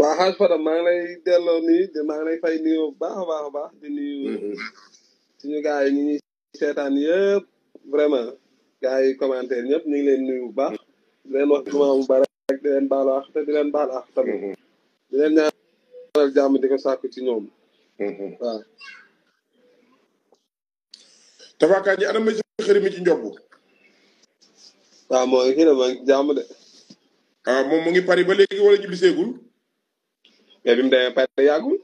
waaw xaaj Fada maa ngi lay de maa ngi lay fay nuyu bu baax a baax a baax di nuyu suñu gars yi ñu ngi seetaan yëpp vraiment gars yi commentaire ñëpp ñu ngi leen nuyu bu baax di leen wax jumaa mu bare rek di leen baal wax te di leen baal wax tamit di leen ñaanal jàmm di ko sàkku ci ah moom mu pari ba léegi mais bim mu pay pare yàggul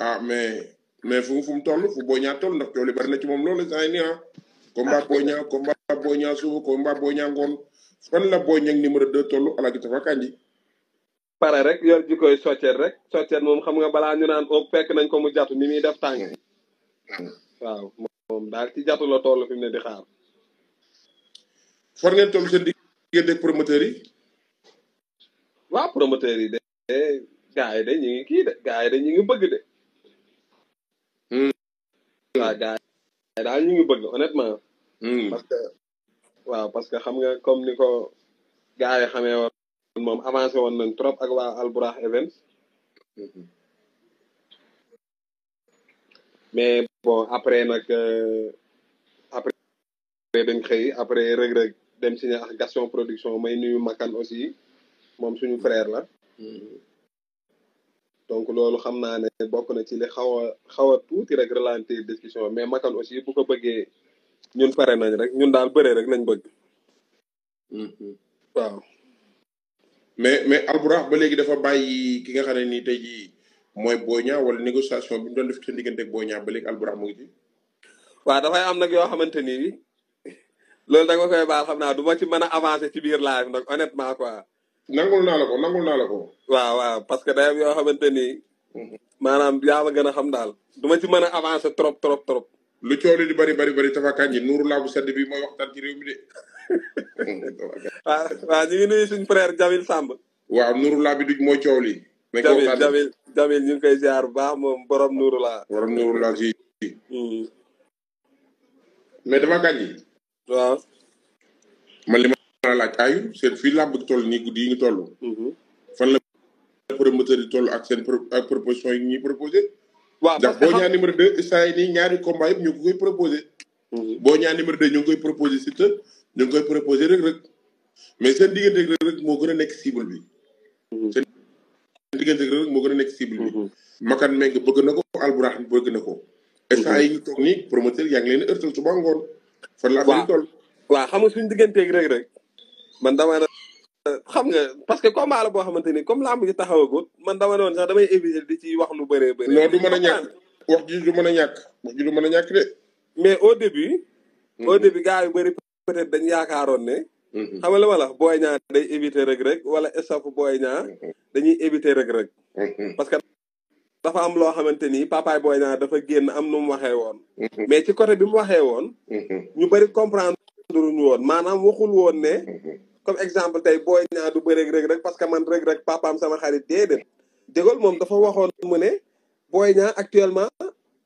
ah mais mais fu fu mu fu boña Niang ndax coow li bari na ci mom lolu saa ni ha. combat boña combat boña su combat boña Niang fan la boña Niang numéro 2 toll ala gi tafa kandi. pare rek yor ji koy e soccet rek soccet mom xam nga bala ñu naan o fekk nañ ko mu jatu ni mi def tàng waaw mom dal ci jatu la toll fi ne di xaar fan ngeen toll seen diggante promoteur yi Wa promoteur yi de gaa yi de ñu ngi kii de gaa yi de ñu ngi bëgg de. Hmm. waaw gaa daal ñu ngi bëgg honnêtement. Hmm. parce que waaw parce que xam nga comme ni ko gaa yi xamee woon avancé woon nañ trop ak waa Alburax Events. Hmm. mais bon après nag euh, après dañ xëy après rëg-rëg dem signé ak Gaston production may nuyu Makan aussi moom suñu frère la. donc loolu xam naa ne bokk na ci li xaw a xaw a tuuti rek ralentir discussion mais Makan aussi bu ko bëggee ñun pare nañ rek ñun daal bëre rek lañ bëgg. Mm-hmm. waaw. mais mais Albourakh ba léegi dafa bàyyi ki nga xam ne nii tey jii mooy Boy Niang wala négociation bi ñu doon def ci diggante ak Boy Niang ba léegi Albourakh mu ngi ci. waaw dafay am nag yoo xamante ni loolu da nga koy baal xam naa du ma ci mën a avancer ci biir live nag honnêtement quoi. nangul na la ko nangul na la ko. waaw waaw parce que day yo xamanteni manam ya ma xam dal duma ci mëna avancer trop trop trop. lu di bari bari bari ji nuru la bu sedd bi mooy waxtaan ci rew mi de. waaw ngi nuyu suñu frère Jamil Samb. waaw nuru la bi du moy Jamil Jamil Jamil ñu koy ziar ba baax borom nuru la borom nuru la si. Mm. mais dama waaw. man a laaj ayul seen fii làmb toll nii guddi yi ñu toll mhm. fan la promoteur yi toll ak seen ak proposition yi ñuy proposé waaw ndax boo ñaa numéro deux saa yi nii ñaari combat yëpp ñu ngi koy proposé mhm. boo ñaa numéro ñu ngi koy proposé Siteu ñu ngi koy proposé Reug Reug mais seen diggante Reug moo gën a nekk cible bi mhm. seen diggante Reug Reug moo gën a nekk cible makan meng bëgg na ko alburax bëgg na ko saa yi ñu toog nii promoteur yaa ngi leen ërtal suba ngoon fan la affaire toll waaw xam nga suñu man dama ne xam nga parce que combat boo xamante ni comme lamb ji taxawagul man dama ne woon sax damay éviter di ci wax lu bëree bëri. loolu du mën a ñàkk wax ji mën a ñàkk wax ji du mën a ñàkk de. au début. Hmm. au début gars yu bëri peut-être dañu yaakaaroon ne. Hmm. xam nga lu ma la wax booy ñaa day éviter rek rek wala staff booy ñaa hmm. dañuy éviter rek rek. parce que dafa am loo xamante ni papaay booy ñaa dafa génn am nu mu waxee woon. mais ci côté bi mu waxee woon. ñu bëri comprendre ñu woon maanaam waxul woon ne. comme exemple tey booy ñaa du bëreeg rek rek parce que man rek rek papaam sama xarit déedéet dégal moom dafa waxoon mu ne booy ñaa actuellement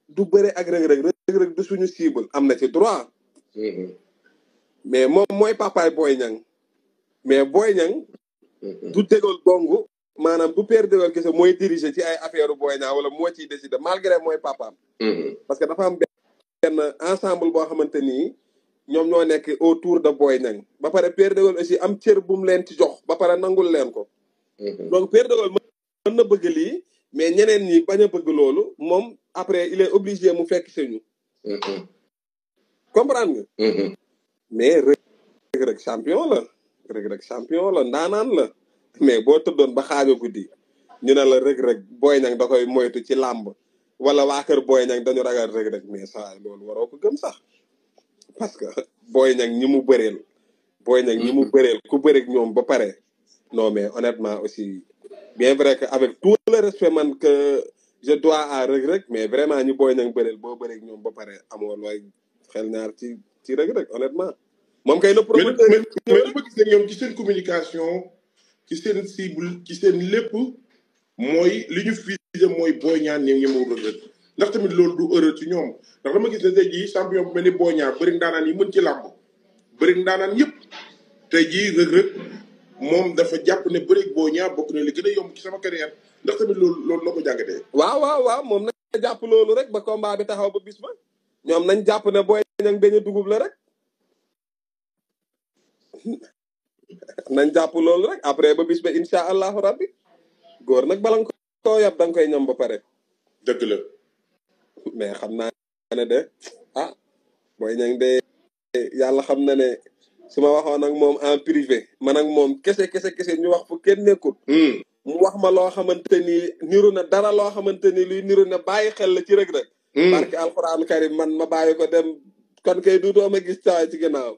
du bëre ak rek rek rek du suñu cible am na ci droit mm-hmm. mais moom mooy papaay booy ñang mais booy ñang mm-hmm. du dégal dong maanaam du père dégal kese mooy diriger ci ay affaire booy ñaa wala moo ciy décider malgré mooy papaam mm-hmm. parce que dafa am benn ensemble boo xamante nii ñom ñoo nekk autour de Boy Niang ba paré père de gol aussi am cër bu mu leen ci jox ba paré nangul leen ko. Mhm. donc père de gol mën na bëgg li mais ñeneen ñi baña bëgg loolu mom après il est obligé mu fekk si ñu. Mhm. comprendre nga. Mhm. mais rek rek champion la rek rek champion la ndaanaan la mais bo tëddoon ba xaajo guddi ñu na la rek rek Boy Niang da koy moytu ci lamb wala waa kër Boy Niang dañu ragal rek rek mais ça loolu waroo ko gëm sax. parce que boy nak ñi mu bëreel boy nak ñi mu mm-hmm. bëreel ku bëreeg ñom ba paré non mais honnêtement aussi bien vrai que avec tout le respect man que je dois à reg reg mais vraiment ñu booy nag bëreel boo bëreeg ñom ba paré amoo looy xel ñaar ci ci reg reg honnêtement mom kay le promoteur mais dama gis ne ñoom ci seen communication ci seen cible ci seen lepp moy li ñu visé mooy booy ñaan ñi mu Reug ndax tamit loolu du heureux ci ñoom ndax dama gis ne tey jii champion bu mel ni boña bëri ndaanaan yi mën ci làmb bëri ndaanaan yépp tey jii rëg rëg moom dafa jàpp ne bëri boña bokk na li gën a yomb ci sama carrière ndax tamit loolu loolu la ko jàngatee waaw waaw waaw moom na jàpp loolu rek ba combat bi taxaw ba bis ba ñoom nañ jàpp ne booy ñang beñu dugub la rek nañ jàpp loolu rek après ba bis ba insha allahu rabbi góor nag balang koo yab da koy ñam ba pare dëgg la mais xam naa ne de ah Boy Niang de yàlla xam na ne su ma waxoon ak moom en privé man ak moom kese kese kese ñu wax fu kenn nekkul. Hmm. mu wax ma loo xamante ni niru na dara loo xamante ni luy niru na bàyyi xel la ci rek rek. Hmm. barke alxuraan karim man ma bàyyi ko dem kon kay du doom a gis caa ci ginnaaw.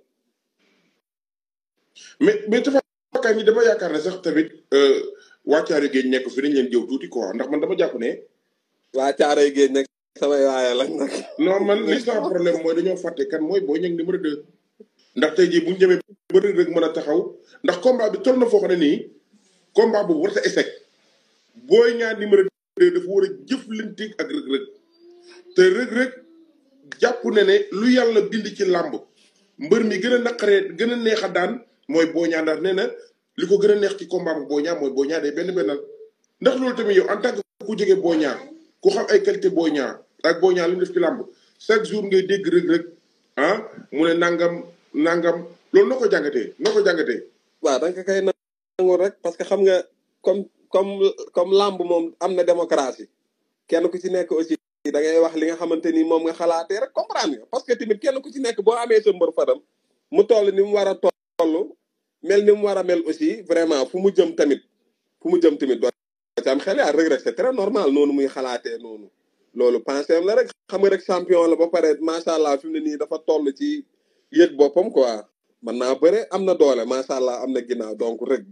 mais mais dafa yaakaar ni dama yaakaar ne sax tamit euh, waa Caaroy Géej nekk fi dañ leen jëw tuuti quoi ndax man dama jàpp ne. waa Caaroy Géej nekk sama yaay lañ nag. man li sama problème mooy dañoo fàtte kan mooy Boy Niang numéro 2. ndax tey jii bu ñu demee ba Reug Reug mën a taxaw ndax combat bi toll na foo xam ne nii combat boobu warut a échec Boy Niang numéro 2 dafa war a jëflanteeg ak Reug Reug te Reug Reug jàpp na ne lu yàlla bind ci làmb mbër mi gën a naqaree gën a neex a daan mooy Boy Niang ndax nee na li ko gën a neex ci combat bu Boy Niang mooy Boy Niang benn bennal ndax loolu tamit yow en tant que ku jógee Boy ku xam ay qualité Boy Niang ak Boy Niang li mu def ci làmb chaque jour ngay dégg Reug Reug ah mu ne nangam nangam loolu noo ko jàngatee noo ko jàngatee. waaw da kay koy nangu rek parce que xam nga comme comme comme làmb moom am na démocratie kenn ku ci nekk aussi. da ngay wax li nga xamante ni moom nga xalaatee rek comprendre nga parce que tamit kenn ku ci nekk boo amee sa mbër faram mu toll ni mu war a toll mel ni mu war a mel aussi vraiment fu mu jëm tamit fu mu jëm tamit am xel yaa Reug Reug très normal noonu muy xalaatee noonu loolu pensé la rek xam nga rek champion la ba pare macha allah fi mu ne nii dafa toll ci yëg boppam quoi man naa bëre am na doole macha allah am na ginnaaw donc rek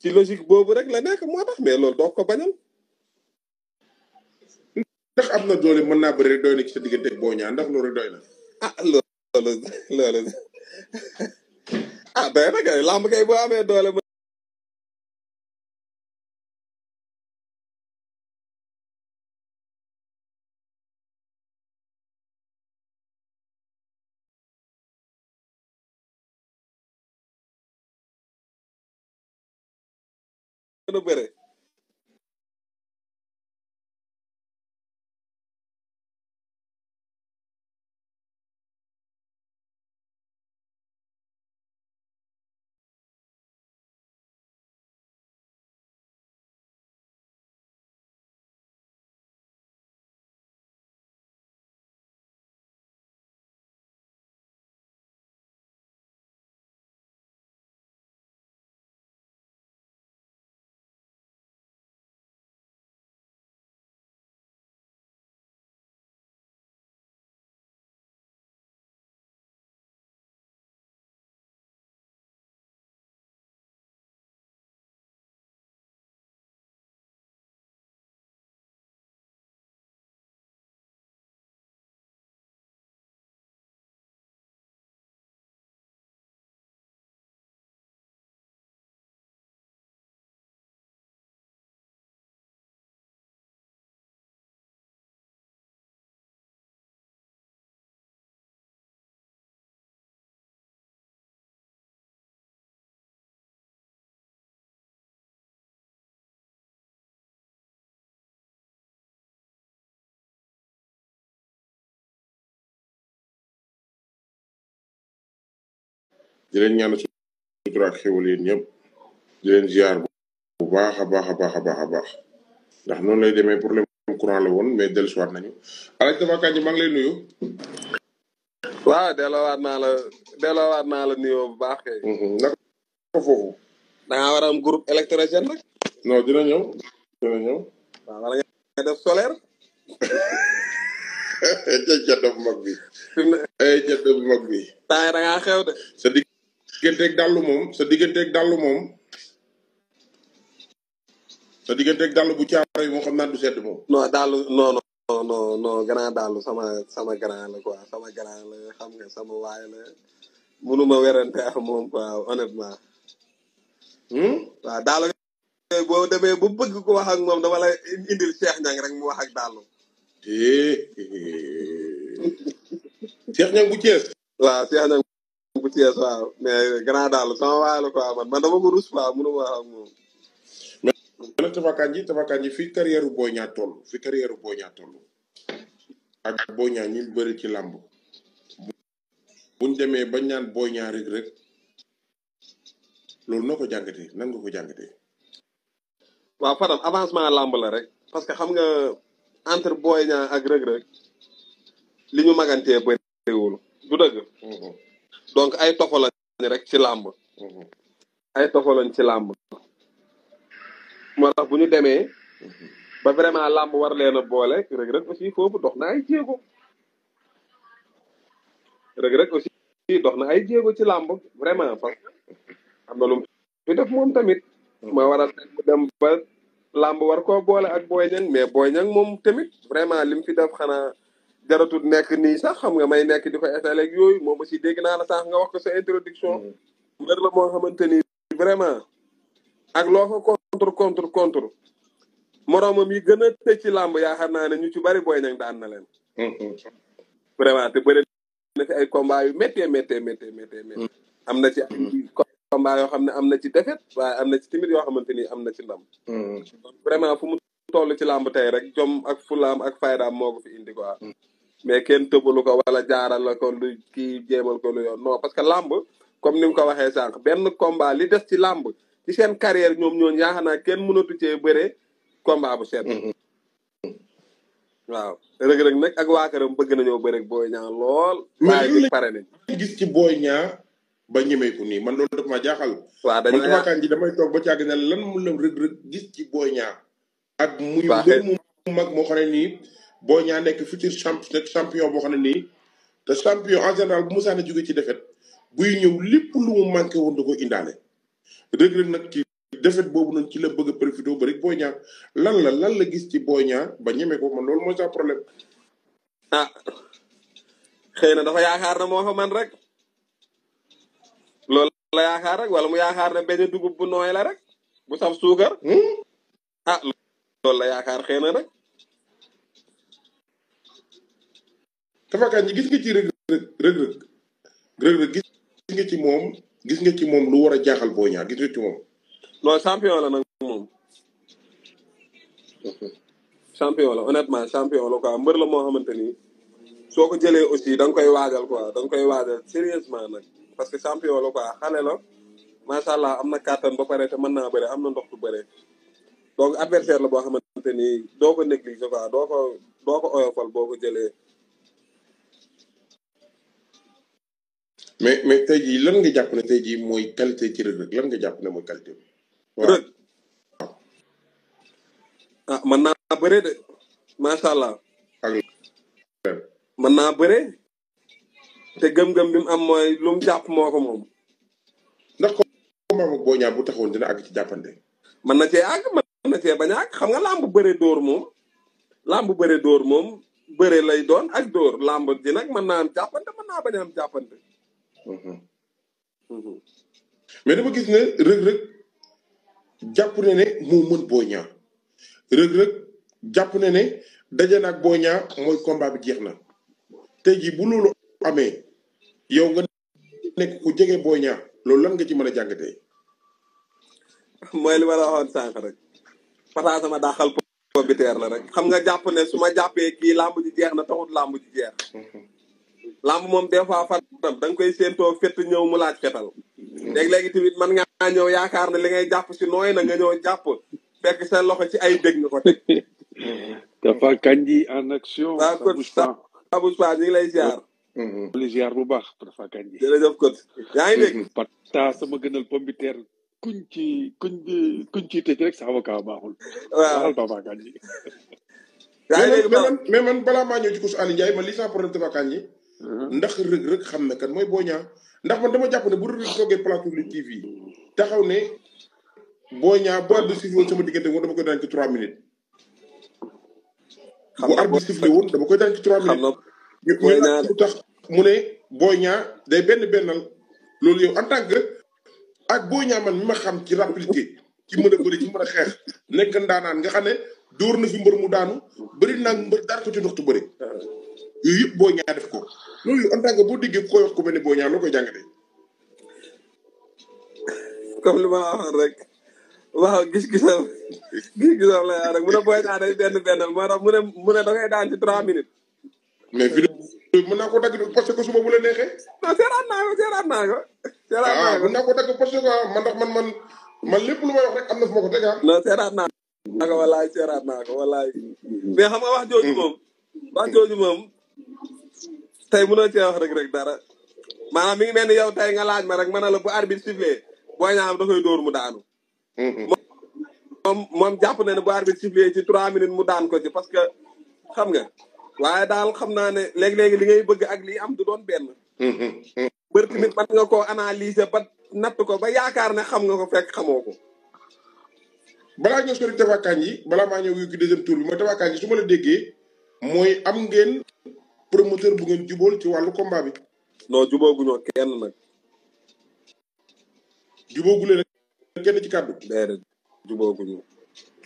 ci logique boobu rek la nekk moo tax mais doo ko bañal. ndax am na doole mën naa bëri rek doy na ci sa diggante boo ñaa ndax loolu doy na. ah loolu loolu ah doy kay làmb kay boo amee doole não, peraí. di leen ñaan sutura ak xewal yéen ñëpp di leen ziar bu baax a baax a baax a baax a baax ndax noonu lay demee problème courant la woon mais nañu ngi lay nuyu waaw delloowaat naa la delloowaat naa la nuyoo bu baax kay mhm, naka foofu da nga war a am groupe électrogène non dina ñëw dina ñëw waaw wala nga def solaire digganteeg dàllu moom sa digganteeg dàllu moom sa digganteeg dàllu bu caaro yi moom xam naa du sedd moom. non dàllu non non non grand dàllu sama sama grand la quoi sama grand la xam nga sama waay la mënuma werante ak moom quoi honnêtement. Hmm? waaw dàllu boo demee bu bëgg ko wax moom dama lay indil Cheikh Niang rek mu wax ak dàllu. Eh, eh, eh. Cheikh bu Thiès. waaw Cheikh Niang. Thiès mais grand daal sama waay la quoi man man dama ko rus quoi mënu ma xam moom. mais nag Tapha fii carrière bu Boy Niang toll fii carrière bu Boy Niang toll ak ci làmb. demee bañ naan Boy Niang Reug Reug loolu noo ko jàngatee nan Fadam avancement làmb la rek parce que xam nga entre Boy Niang ak Reug Reug li ñu magantee bëriwul du dëgg. Mhm. donc ay tofalañ rek ci làmb mhm. ay tofalañ ci lamb moo tax bu mhm. ba vraiment lamb war leen bolé boole rek rek aussi fofu dox na ay djégo rek rek aussi dox na ay djégo ci lamb vraiment parce que am na lu fi def mom tamit ma mhm. waral dem ba lamb war ko bolé ak booy ñang mais booy ñang mom tamit vraiment lim fi def xana jaratul nekk nii sax xam nga may nekk di ko étaler ak yooyu moom si dégg naa la sax nga wax ko sa introduction. Mm. mbir la xamante ni vraiment ak loo fa contre contre contre moroomam yi gën a tëj ci làmb yaakaar naa ne ñu ci bari booy ñang daan na leen. Mm-hmm. vraiment te bëri ay combat yu méttee méttee méttee méttee. Mm-hmm. am na ci mm-hmm. combat yoo xam ne am na ci défaite waaye am na ci tamit yoo xamante ni am na ci ndam. vraiment fu toll ci lamb tay rek jom ak fulam ak fayda moko fi indi quoi mais ken tebulu ko wala jaaral la ko lu ki jéemal ko lu yoon non parce que lamb comme nim ko waxee sank ben combat li des ci lamb ci sen carrière ñom ñooñu yaakaar ken kenn mënatu cee bëre combat bu sét mm-hmm. waaw rek rek nak ak waakaram këram bëgg nañoo bëre boy ñaan lool may waaye paré ni gis ci boy ñaan ba ñëmé ko ni man loolu dafa ma jaaxal wa dañu ma kan ji damay tok ba ci ag ne lan mu leum rek rek gis ci boy ñaan ak muy mbër mu mag moo xam ne nii boo ñaa nekk futur champion boo xam ne nii te champion en général bu musaana jóge ci defet buy ñëw lépp lu mu manqué woon da ko indaale Reug Reug ci defet boobu noonu ci la bëgg a profité ba rek boo ñaa lan la lan la gis ci boo ñaa ba ñeme ko man loolu mooy sa ah, na dafa yaakaar na moo man rek loolu la yaakaar rek wala mu yaakaar ne benn dugub bu nooy la rek bu saf suukar hmm? ah loolu la yaakaar xëy na nag. tafakaan ñi gis nga ci rëg rëg ci moom gis nga ci moom lu war a jaaxal boo ñaar gis nga ci moom. non champion la nag moom. champion la honnêtement champion la quoi mbër la moo xamante ni soo ko jëlee aussi da nga koy waajal koi danga nga koy waajal sérieusement nag parce que champion la quoi xale la macha allah am na kàttan ba pare te mën naa bare am na ndox du bëre. donc adversaire la boo xamante ni doo ko négligé quoi doo ko doo ko oyofal boo ko jëlee. mais mais tey jii lan nga jàpp ne tey jii mooy qualité ci Reug Reug lan nga jàpp ne mooy qualité bi. Reug ah mën naa bëre de macha allah. ak mën naa bëre. te gëm-gëm bi mu am mooy lu mu jàpp moo ko moom. ndax ko moom boo ñaar bu taxawoon dina àgg ci jàppante. mën na cee àgg mën na cee xam nga làmb bëre dóor moom làmb bëre dóor moom bëre lay doon ak dóor làmb ji nag mën naa am jàppante mën naa bañ mhm. Mhm. gis ne rëg-rëg jàpp ne ne moo mën boo ne daje na ak boo ñaa mooy combat bi jeex na tey jii bu loolu amee yow nga nekk ku jege boo loolu lan nga ci mën a jàngatee mooy li ma la waxoon rek Papa Sama daxal pobiter la rek xam nga japp ne suma jappé ki lamb ji jeex na taxut lamb ji jeex lamb mom des fois fatam da nga koy sento fet ñew mu laaj fetal leg leg tamit man nga ñew yaakar ne li ngay japp ci noy na nga ñew japp fekk sa loxo ci ay dégg nga ko teg dafa kanji en action da ko sta bouge pas ñu ngi lay ziar li ziar bu baax da dafa kanji jërëjëf kot yaa ngi dégg pata sama gënal pombiteer kuñ ci kuñ ci kuñ ci tëj rek sa avocat baaxul. waaw baaxul mais man balaa maa ñëw ci kusu Aliou Ndiaye ma li sama problème Tapha Kandji mhm. ndax Reug Reug xam na kan mooy Boy Niang ndax man dama jàpp ne bu Reug Reug toogee plateau Lutte TV taxaw ne Boy Niang bu arbitre sifflé woon sama diggante moom dama koy daan ci 3 minutes. bu arbitre sifflé woon dama koy daan ci 3 minutes. ñu tax mu ne Boy Niang day benn benn loolu yow en tant que. ak bo ñaaman mi ma xam ci rapidité ci mëna a bëri ci mëna xex nek nekk nga xam door na fi mbeur mu daanu bëri na mbeur dar ko ci doxtu tu bëri yooyu yëpp boo def ko loolu en tant que bo diggé ko wax ko melni bo ñaan ñaa loo comme luma wax rek waaw gis gisam gis gisam la rek mu ne booy naa day benn benn moo tax mu ne mu ne da ngay daan ci 3 minutes mais Euh, mën naa ko dagg posté ko suba bu la neexee. non seeraat naa ko seeraat naa ko. seeraat ah, naa ko dagg posté ko ah, man ndax man man man lépp am na fu ma ko teg ah. non seeraat naa ko walaay seeraat naa ko walaay. mais xam nga wax jooju moom. wax jooju moom tey mënoo cee rek rek dara. maanaam mi ngi mel ni yow tey nga laaj ma rek ma ne la bu arbitre sifflé booy ñaam da koy dóor mu daanu. Mm-hmm. moom moom jàpp na ne bu arbitre sifflé ci trois minutes mu daan ko ci parce que xam nga. waaye daal xam naa ne léeg-léegi li ngay bëgg ak lii am du doon benn bër tamit man nga koo analyser ba natt ko ba yaakaar ne xam nga ko fekk xamoo ko balaa ñëw sori tabaakaan yi bala maa ñëw wii ki deuxième tour bi mooy tabaakaan yi su ma la déggee mooy am ngeen promoteur bu ngeen jubóol ci wàllu combat bi non jubóoguñoo kenn nag jubóogu leen kenn ci kàddu déedéet jubóoguñu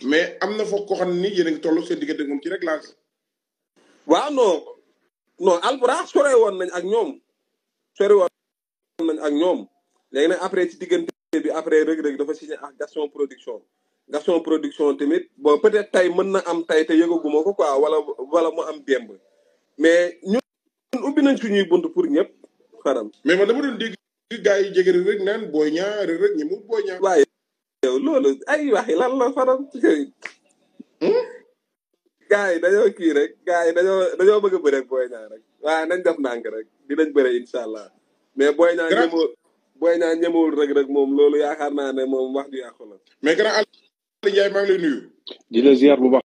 mais am na foog ko xam ne ni yéen a ngi toll seen diggante moom ci laa waaw non non alburax sore woon nañ ak ñoom sore woon nañ ak ñoom léegi nag après ci diggante bi après rëg-rëg dafa signé ak Gaston Production Gaston Production tamit bon peut-être tey mën na am tay te yëgaguma ko quoi wala wala mu am démb mais ñun ubbi nañ suñuy bunt pour ñëpp faram mais man dama doon dégg gars yi jege rek naan booy ñaar rek ñi mu booy ñaar waaye yow loolu ay waxi lan la faram hmm? gars yi dañoo kii rek gars yi dañoo dañoo bëgg a bëre ak Boy Niang rek waaye nañ def ndànk rek dinañ bëre incha allah mais Boy Niang ñëmul Boy Niang ñëmul rek rek moom loolu yaakaar naa ne moom wax ju yàqu la mais grand Aliou Ndiaye maa ngi lay nuyu di la ziar bu baax